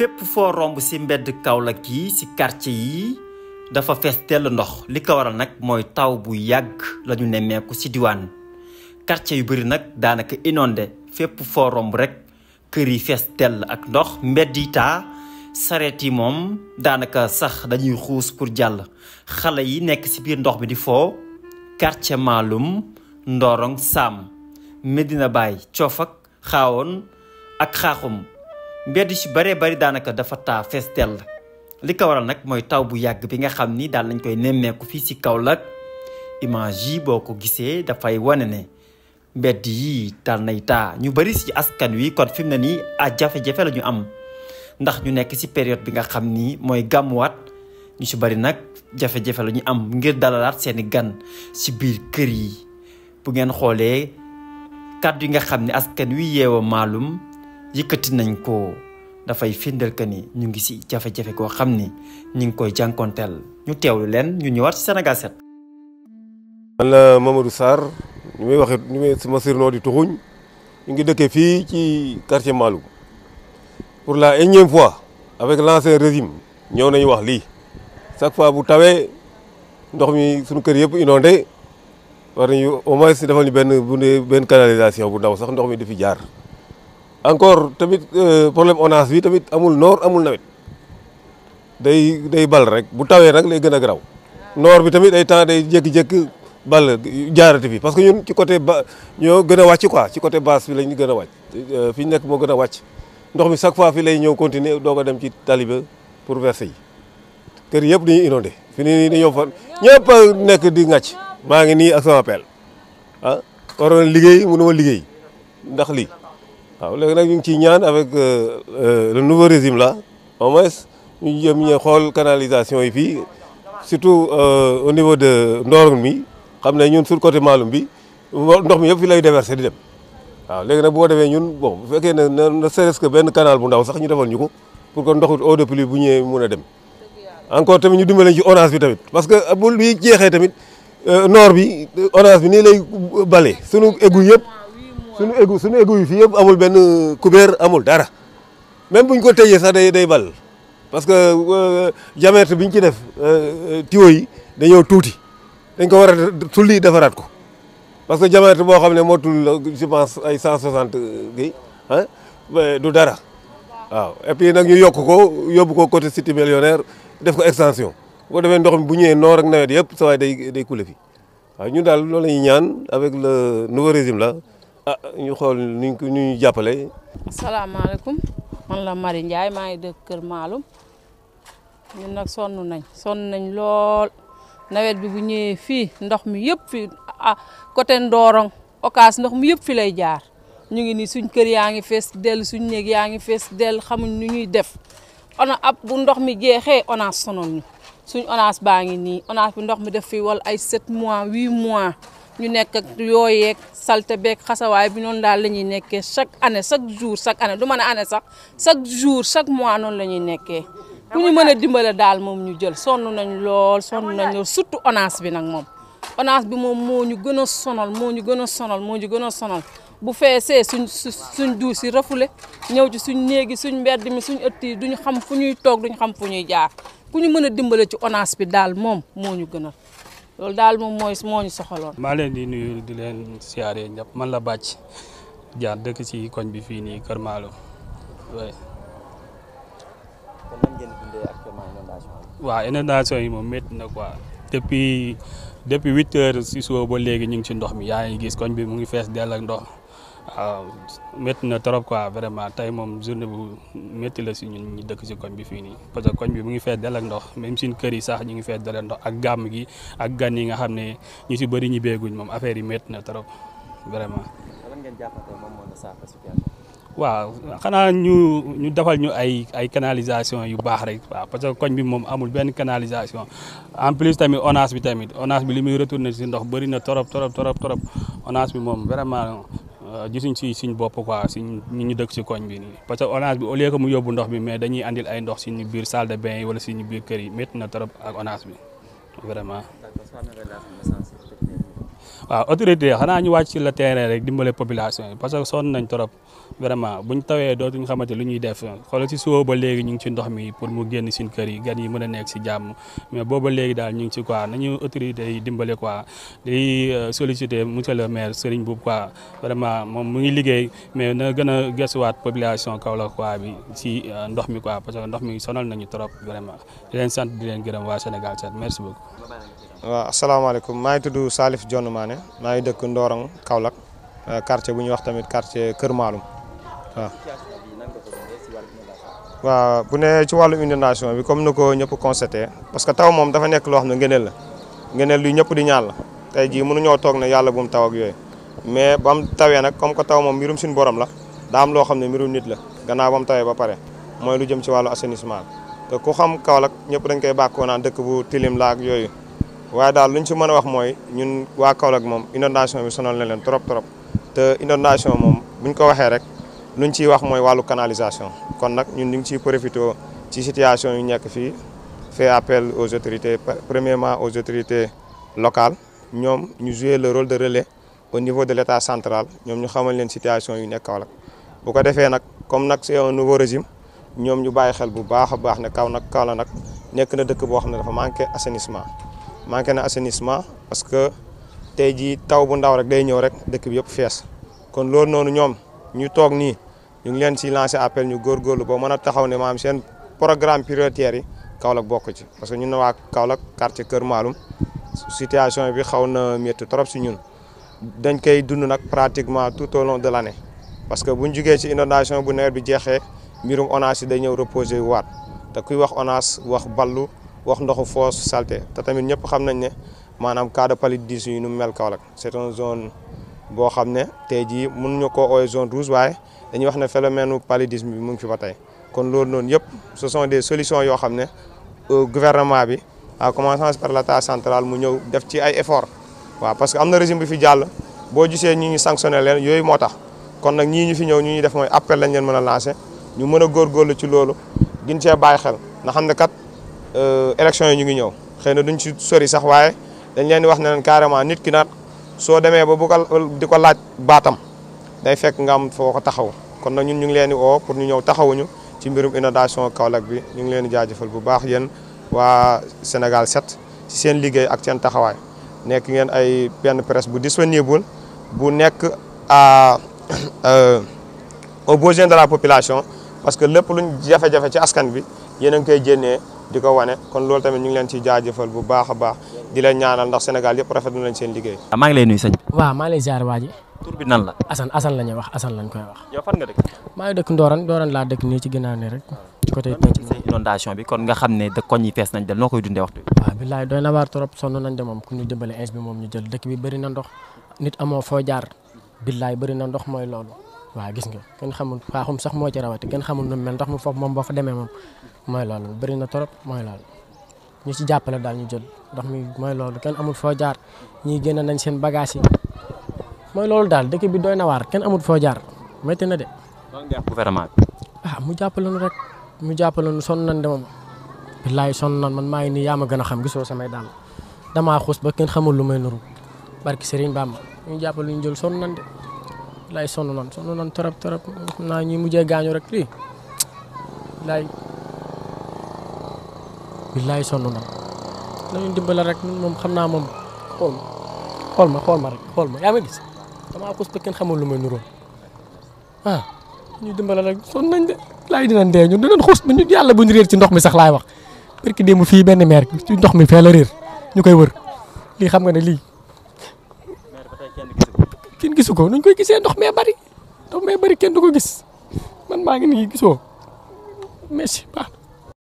fépp foo romb ci mbedd Kaolack yi ci quartier yi dafa fees tell ndox li ko waral nag mooy taw bu yàgg lañu ne nemmeeku ci diwaan quartier yu bëri nag daanaka inondé fépp foo romb rek kër yi fees tell ak ndox mbedd yi taa sareet yi moom daanaka sax dañuy xuus pour jàll xale yi nekk ci biir ndox bi di foo quartier Maloum Ndorong Sam Medina Baye Coofak Xaawoon ak Xaaxum mbedd si baree bari daanaka dafa taa fees dell li ko waral nag mooy taw bu yàgg bi nga xam ni daal nañ koy nemmeeku fii si Kaolack image yi boo ko gisee dafay wane ne mbedd yi daal nay taa ñu bari ci askan wi kon fi mu ne nii a jafe-jafe la am ndax ñu nekk si période bi nga xam ni mooy gàmmuwaat ñu si bari nag jafe-jafe la ñu am ngir dalalaat seeni gan si biir kër yi bu ngeen xoolee kàddu yi nga xam ne askan wi yeewa maalum yëkkati nañ ko dafay firndeel que ni ñu ngi si jafe-jafe koo xam ni ñu ngi koy jànkonteel ñu teew leen ñu ñëwaat si Sénégal 7. man la Mamadou Sarr ñu may wax ñu may sama surnoo di tuxuñ ñu ngi dëkkee fii ci quartier Maloum pour la énième fois avec l'ancien résime ñëw nañu wax lii chaque fois bu tawee ndox mi suñu kër yëpp inondé war nañu au moins defal ñu benn benn canalisation bu ndaw sax ndox mi di fi jaar. encore tamit euh, problème ONAS bi tamit amul noor amul nawet day day bal rek bu tawee nag lay gën a garaw noor bi tamit day temps day jékki-jékki bal jaarati fi parce que ñun ci côté ba ñoo gën a wàcc quoi ci côté basse bi lañ gën a wàcc euh, fi ñu nekk moo gën a wàcc ndox mi chaque fois fi lay ñëw continuer doog a dem ci taliba pour verser yi kër yëpp dañuy inondé fi ni nii dañoo ñëpp nekk di ŋàcc maa ngi nii ak sama peel ah, liggéey mënu ma liggéey ndax lii waaw léegi nag ñu ngi ciy ñaan avec euh, euh, le nouveau régime la au moins ñu jëm ñu xool canalisation yi fii surtout euh, au niveau de Ndorong mi xam ne ñun sur côté Maloum bi ndox mi yëpp fi lay déverser di dem waaw léegi nag boo demee ñun bon bu fekkee ne ne na ce que benn canal bu ndaw sax ñu defal ñu ko pour que ndoxu eau de pluie bu ñëwee mun a dem encore tamit ñu dimbale ci ONAS bi tamit parce que bu bi jeexee tamit noor bi ONAS bi nii lay bale sunu égout yëpp. suñu égout suñu égout yi fii yëpp amul benn kubéer amul dara même buñ ko tëjee sax day day bal parce que euh, diamètre bi ci def euh, euh, tuyau yi dañoo tuuti dañ ko war a tulli defaraat ko parce que diamètre boo xam ne moo tull je pense ay cent soixante gi ah du dara waaw et puis nag ñu yokk ko yóbbu ko côté siti millionnaire def ko extension wo ko defee ndox mi bu ñëwee noor ak nawet yëpp sa waay day day coulé fi waaw ñun daal loolu la ñaan avec le nouveau régime la ah ñu xool nuñ ko ñu jàppale. asalaamaaleykum man la Marie Ndiaye maa ngi dëkk Kër Maalum ñun nag sonn nañ sonn nañ lool nawet bi bu ñëwee fii ndox mi yëpp fi ah côté Ndorong Ocass ndox mi yëpp fi lay jaar ñu ngi nii suñ kër yaa ngi fees dell suñ néeg yaa ngi fees dell xamuñ nu ñuy def ona ab bu ndox mi jeexee ONAS sonal ñu suñ ONAS baa ngi nii ONAS bi ndox mi def fii wal ay 7 mois 8 mois. ñu nekk ak yooyeeg salte beek xasawaay bi noonu daal la ñuy nekkee chaque année chaque jour chaque année du mën a chaque jour chaque mois noon la nekkee ku ñu mën a dimbale daal moom ñu jël sonn nañ lool sonn nañ lool surtout ONAS bi nag moom ONAS bi moom moo ñu gën a sonal moo ñu gën a sonal moo ñu gën a sonal bu feesee suñ suñ duus si rafule ñëw ci suñ néegi suñ mbedd mi suñ ëtt yi duñu xam fu ñuy toog ñu xam fu ñuy jaar ku ñu mën a dimbale ci ONAS bi daal moom moo ñu gënal loolu daal moom mooy moo ñu soxaloon. maa leen di nuyu di leen siyaaree ñëpp man la bàcc jaar dëkk ci koñ bi fii nii Kër Malo oui. waaw yi moom métti na ko depuis depuis huit heures si suba ba léegi ñu ngi ci ndox mi yaa ngi gis koñ bi mu ngi fees dell ak ndox. waaw métti na trop quoi vraiment tey moom journée bu metti la si ñun ñu dëkk si koñ bi fii nii parce que koñ bi mu ngi fees dell ndox même suñ kër yi sax ñu ngi fees dell ndox ak gàmm gi ak gan yi nga xam ne ñu si bëri ñu beeguñ moom affaire yi métti na trop vraiment. waaw xanaa ñu ñu defal ñu ay ay canalisation yu baax rek waaw parce que koñ bi moom amul benn canalisation en plus tamit ONAS bi tamit ONAS bi li muy retourné si ndox bëri na trop trop trop trop ONAS bi moom vraiment Euh, gisuñ si suñ bopp quoi suñ ñi ñu dëkk si koñ bi nii parce que orange bi au lieu que mu yóbbu ndox bi mais dañuy andil ay ndox suñu biir salle de bain yi wala suñu biir kër yi métti na trop ak orange bi vraiment. waaw autorité xanaa ñu wàcc ci le terrain rek dimbale population yi parce que sonn nañ trop vraiment buñ tawee dootuñ xamante lu ñuy def xoolal ci suba ba léegi ñu ngi ci ndox mi pour mu génn suñ kër yi gan yi mën a nekk si jàmm mais booba léegi daal ñu ngi ci quoi nañu autorité yi dimbale quoi di euh, solliciter monsieur le maire Serigne Boub quoi vraiment moom mu ngi liggéey mais na gën a gëstuwaat population Kaolack quoi bi si euh, ndox mi quoi parce que ndox mi sonal nañu trop vraiment di leen sant di leen gërëm waa Sénégal 7 merci beaucoup waaw asalaamaaleykum maa ngi tudd Salif John Mané maa ngi dëkk Ndorong Kaolack euh, quartier bu ñuy wax tamit quartier Kër Maalum waaw. waaw bu ne ci wàllu inondation bi comme nu ko ñëpp constaté parce que taw moom dafa nekk loo xam ne ngëneel la ngëneel lu ñëpp di ñaan la te jii mun mënuñoo toog ne yàlla bu mu taw ak yooyu mais bam tawee nag comme que taw moom mbirum suñu borom la daam am loo xam ne mbirum nit la gannaaw ba mu tawee ba pare mooy lu jëm ci wàllu assainissement te ku xam Kaolack ñëpp dañ koy bàkkoo naan dëkk bu tilim la ak yooyu. waaye daal lu ñu si mën a wax mooy ñun waa Kaolack moom inondation bi sonal na leen trop trop inondation moom buñ ko waxee rek lu ñu ciy wax mooy wàllu canalisation kon nag ñun ñu ngi ciy profité ci situation yu nekk fii fait appel aux autorités premièrement aux autorités locales ñoom ñu jouer le rôle de relais au niveau de l' état central ñoom ñu xamal leen situation yu nekk Kaolack bu ko defee nag comme nag c' est un nouveau régime ñoom ñu bàyyi xel bu baax a baax ne kaw nag Kaolack nag nekk na dëkk boo xam ne dafa manqué assainissement manqué na assainissement parce que tey jii taw bu ndaw rek day ñëw rek dëkk bi yëpp fees kon loolu noonu ñoom ñu toog nii ñu ngi leen si lancé appel ñu góorgóorlu ba mën a taxaw ne maam seen programme prioritaire yi Kaolack bokk ci parce que ñun na waa Kaolack quartier Kër Maalum situation bi xaw na métti trop si ñun dañ koy dund nag pratiquement tout au long de l' année parce que buñ jugee si inondation bu nawet bi jeexee mbirum ONAS yi day ñëw reposer waat te kuy wax ONAS wax ballu wax ndoxu foos salté te tamit ñëpp xam nañ ne maanaam cas de paludisme yi nu mel Kaolack c'est une zone boo xam ne tey jii mënuñu koo ooy zone rouge waaye dañuy wax ne phénomène paludisme bi mu ngi fi ba tey kon loolu noonu yëpp ce sont des solution yoo xam ne euh, gouvernement bi à commencer par l'état central mu ñëw def ci ay efforts waaw parce que am na régime bi fi jàll boo gisee ñi ñu sanctionné leen yooyu moo tax kon nag ñii ñu fi ñëw ñu ñuy def mooy appel lañ leen mën a lancer ñu mën a góorgóorlu ci loolu gin cee bàyyi xel na xam ne kat Euh, élection yi ñu ngi ñëw xëy na duñ ci sori sax waaye dañ leen di wax ne leen nit ki naat soo demee ba bu ko di ko laaj baatam day fekk nga am foo ko taxaw kon nag ñun ñu ngi leen di oo pour ñu ñëw taxawuñu ci mbirum inondation Kaolack bi ñu ngi leen di jaajëfal bu baax yéen waa Sénégal 7 ci seen liggéey ak seen taxawaay nekk ngeen ay benn presse bu disponible bu nekk à euh, au besoin de la population parce que lépp luñ jafe-jafe ci askan bi yéen a ngi koy jénnee di ko wane kon loolu tamit ñu ngi leen ciy jaajëfal bu baax a baax di leen ñaanal ndax Sénégal yëpp rafetlu nañ seen liggéey. maa ngi lay nuyu sëñ bi. waaw maa lay ziar waa ji. tur la. Assane Assane la ñuy wax koy wax. yow fan nga dëkk. maa ngi dëkk Ndorane Ndorane laa dëkk nii ci ginnaaw ne rek. ci côté penc mi bi kon nga xam ne da koñ yi fees nañ dal noo koy dundee waxtu bi. waaw billaay doy na waar trop sonn nañ de ku ñu dimbale ins bi moom ñu jël dëkk bi bëri na ndox nit amoo foo jaar billaay bari na ndox mooy loolu waaw gis nga kenn xamul faaxum sax moo ci rawati kenn xamul nu mel ndax mu foofu moom boo fa demee moom mooy loolu bari na trop mooy loolu ñu si jàppale daal ñu jël ndax mi mooy loolu kenn amul foo jaar ñiy génn nañ seen bagage yi mooy loolu daal dëkk bi dooy na waar kenn amul foo jaar métti na de. gouvernement ah, mu jàppale nu mu jàppale nu sonn de moom. billaay sonn na man maa ngi nii yaa ma gën a xam gisoo samay daal damaa xuus ba kenn xamul lu may nuru barki Serigne Bamba ñu jàppale ñu jël sonn nañ de. lay sonn noonu sonn noonu trop trop xam naa ñuy mujjee gaañu rek lii laay bi sonn noonu nañu dimbala rek moom xam naa moom xool ma xool ma xool ma rek xool ma yaa ma gis damaa ko kenn xamul lu may nuróo ah ñu dimbala rek sonn nañ de laay dinañ dee ñun dinañ xuus ba ñu yàlla bu ñu réer ci ndox mi sax laay wax parce que démb fii benn meer ci ndox mi fee la ñu koy wër lii xam nga ne lii. gisu ko nuñ koy gisee ndox mee bari ndox mee bari kenn du ko gis man maa ngi nii gisoo merci baax